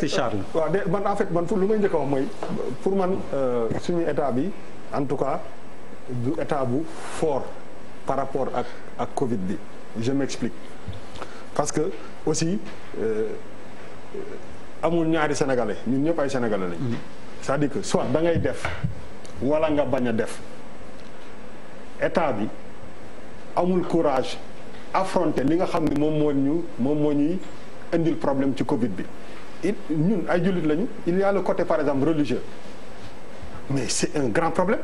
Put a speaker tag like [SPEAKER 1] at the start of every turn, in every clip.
[SPEAKER 1] si Charles
[SPEAKER 2] wa de man en fait man fu lu may njëkk wax mooy pour man euh, suñu état bi en tout cas du état bu fort par rapport ak ak Covid bi je m'explique parce que aussi euh amul ñaari sénégalais ñun ñëpp ay sénégalais lañ. ça dit que soit da ngay def wala nga baña def état bi amul courage affronter li nga xamni mom mo ñu mom mo ñi andil problème ci Covid bi. il y a le côté par exemple religieux mais c'est un grand problème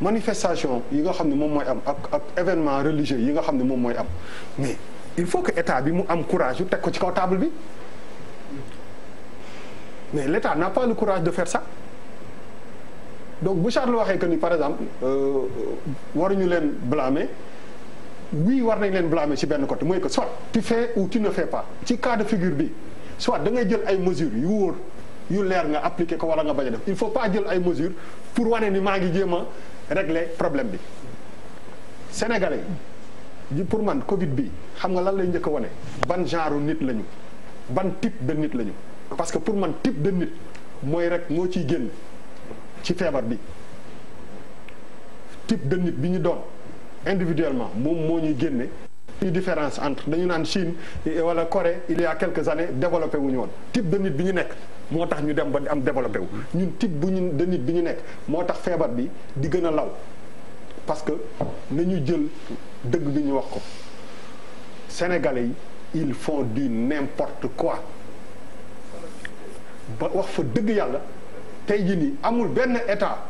[SPEAKER 2] manifestation il y a un événement religieux il y a un mais il faut que l'état ait le courage de faire ko mais l'état n'a pas le courage de faire ça donc Bouchard-Loire est que par exemple euh, waruñu leen blâmer oui war nañ leen blâmer sur le côté que soit tu fais ou tu ne fais pas le cas de figure B soit da ngay jël ay mesures yu wor yu leer nga appliquer ko wala nga baña def il faut pas jël ay mesures pour wané ni ma ngi jéem régler problème bi sénégalais di pour man covid bi xam nga lan lay ñëk wané ban genre nit lañu ban type de nit lañu parce que pour man type de nit moy rek mo ci génn ci fièvre bi type de nit bi ñu doon individuellement mom moo ñuy génne une différence entre dañu naan Chine wala Corée il y a quelques années développé wu type de nit bi ñu nekk moo tax ñu dem ba am développé une ñun type bu ñu de nit bi ñu nekk moo tax feebar bi di gën law parce que nañu jël dëgg de ñu wax ko sénégalais ils font du n'importe quoi ba wax fa dëgg yàlla tey jii nii amul benn état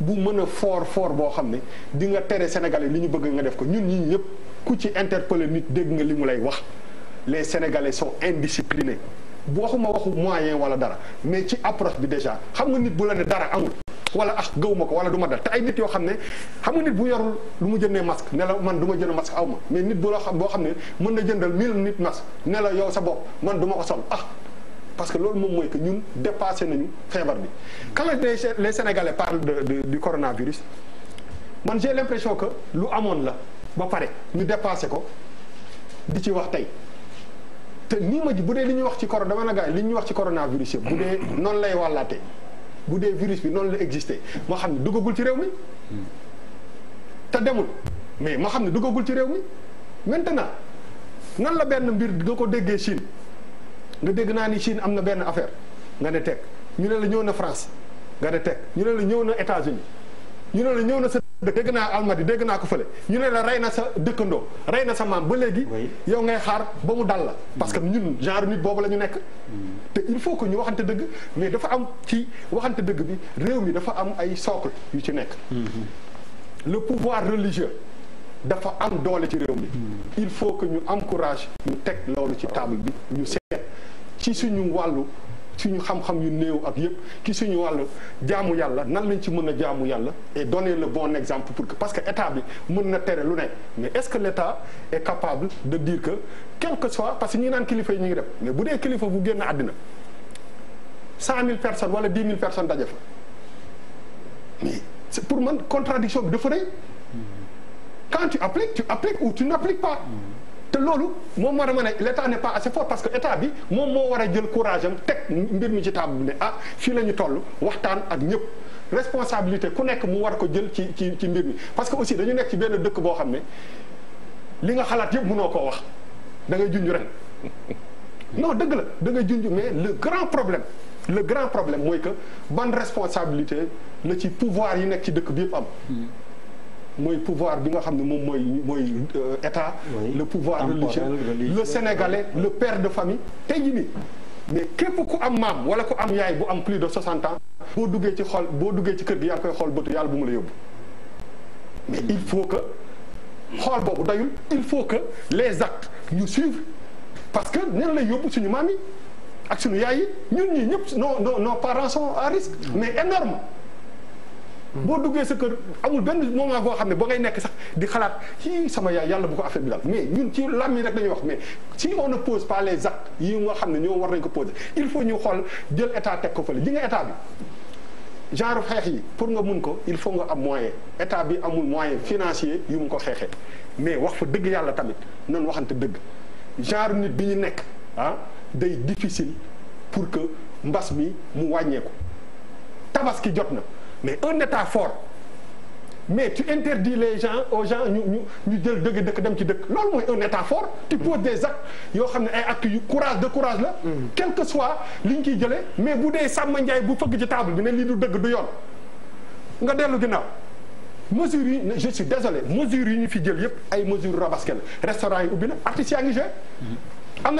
[SPEAKER 2] bu mën fort fort foor boo xam ne di nga tere sénégalais li ñu bëgg nga def ko ñun ku ci nit deg nga limou lay wax les sénégalais sont indisciplinés bu waxuma waxu moyen wala dara mais ci approche bi déjà xam nga nit bu la né dara amul wala ah gëw ma wala duma dal té ay nit yo xamné xam nga nit bu yorul lu mu jëndee masque né la man duma ma jënd masque awma mais nit bu la xam bo xamné mën na jëndal 1000 nit masque né la yow sa bop man duma ko sol ah parce que lool mom moy que ñun dépassé nañu fièvre bi quand les sénégalais parlent de du coronavirus man j'ai l'impression que lu amone la ba pare ñu dépassé ko di ci wax tey te nii ma ji bu dee li ñuy wax ci corona dama li ñuy wax ci coronavirus yëpp bu dee noonu lay wàllaate bu dee virus bi noonu la existé ma xam ne duggagul ci réew mi te demul mais ma xam ne duggagul ci réew mi maintenant nan la benn mbir nga ko déggee Chine nga dégg naa ni Chine am na benn affaire nga ne teg ñu ne la ñëw na France nga ne teg ñu ne la ñëw na États-Unis ñu ne la ñëw na dégg naa almadi dégg naa ko fële ñu ne la rey na sa dëkkandoo rey na sa maam ba léegi. yow ngay xaar ba mu dal la. parce que mm. ñun genre nit boobu la ñu nekk. Mm. te il faut que ñu waxante dëgg mais dafa am ci waxante dëgg bi réew mi dafa am ay socle yu ci nekk. Mm-hmm. le pouvoir religieux dafa am doole ci réew mi. Mm. il faut que ñu encourage ñu teg loolu ci table bi ñu seet ci suñu wàllu. suñu xam-xam yu neew ak yépp ki suñu wàllu jaamu yalla nan lañ ci mëna jaamu yalla et donner le bon exemple pour que parce que état bi lu mais est-ce que l'état est capable de dire que quel que soit parce que ñi nan kilifa ñi ngi def mais bu dee kilifa bu génn 000 personnes wala 10 000 personnes dajé fa mais c'est pour une contradiction de frais. quand tu appliques tu appliques ou tu n'appliques pas te n'est l'État pas assez fort parce que état bi moom a courage am mbir ci ah la responsabilité ku nekk mu war qui parce que aussi dañu nekk ci benn dëkk ne li nga xalaat yëpp mënoo wax da non la da mais le grand problème le grand problème moi que bonne responsabilité la ci pouvoir yi nekk ci moy pouvoir bi nga xamné mom moy moy euh, état le pouvoir religieux le sénégalais le père de famille tey jii mais képp ku am mam wala ku am yaay bu am plus de 60 ans bo duggé ci xol bo duggé ci kër bi yaa ngi koy xool bëtu yalla bu mu la yobbu mais il faut que xol bobu dayul il faut que les actes ñu suivre parce que nen lay yobbu suñu maam ak suñu yaay yi ñun ñii ñëpp nos nos parents sont à risque mm. mais énorme boo duggee sa kër amul benn moment boo xam ne ba ngay nekk sax di xalaat ci sama yaay yàlla bu ko affaire bi daal mais ñun ci lam yi rek dañuy wax mais si on ne pose pas les actes yi nga xam ne ñoo war nañ ko poser il faut ñu xool jël état teg ko fële ji nga état bi genre xeex yi pour nga mun ko il faut nga am moyen état bi amul moyen financier yu mu ko xeexee mais wax fa dëgg yàlla tamit noonu waxante dëgg genre nit bi ñu nekk ah day difficile pour que mbas mi mu wàññeeku tabaski jot na mais un État fort mais tu interdis les gens aux gens nous nous ñu de de un état fort tu poses des actes Il courage de courage là, mm. quel que soit l'inquiétude qui mais bu dee Samba bu fëgg ci table bi du du yoon nga des je je suis désolé mesures yi ñu fi restaurant ou bien les artistes ngi joué mm. am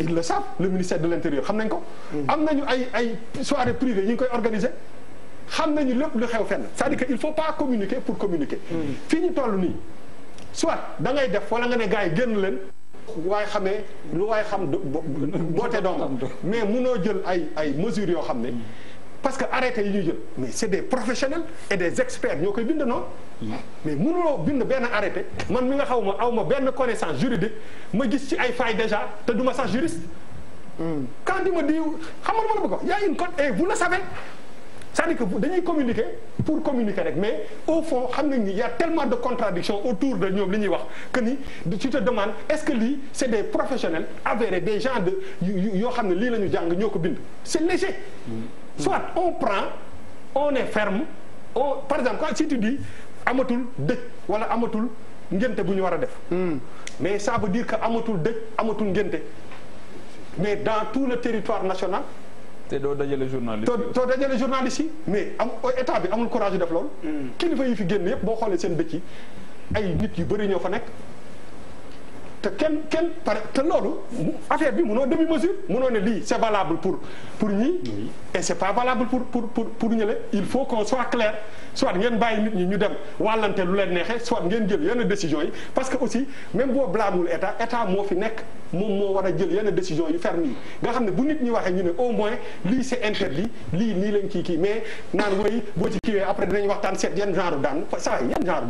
[SPEAKER 2] ils le savent le ministère de l'intérieur xam ko. y mm. a ay ay soirée privée koy organiser. c'est-à-dire qu'il ne faut pas communiquer pour communiquer. Mm. Fini par soit da ngay def nga gars leen. lu mais jël ay ay mesures parce que arrêtez yi mais c'est des professionnels et des experts ñoo bind Non. mais mënuloo bind benn arrêté man mi nga xaw ma connaissance juridique ma gis ci ay déjà te du un juriste. quand tu me dis xam nga y' a une cote, et vous le savez c'est-à-dire que vous communiquer pour communiquer avec. mais au fond il y' a tellement de contradictions autour de nous. que tu te demandes est ce que c'est c'est des professionnels avérés des gens de C'est léger soit on prend on est ferme par exemple quand si tu dis Amotul de, voilà amatul ngénte bu ñu hmm. mais ça veut dire que amatul pas amatul ngénte mais dans tout le territoire national te doo le journaliste yi doo les journaliste ici, mais am état bi amul courage def loolu hmm. kilifa yi fi génn yëpp boo xoolee seen dëkk yi ay nit yu bëri ñoo y c'est valable pour pour et c'est pas valable pour pour pour pour il faut qu'on soit clair soit soit parce que aussi même a jël Nous nous. yu nous au moins lui, c'est interdit mais nous après nous genre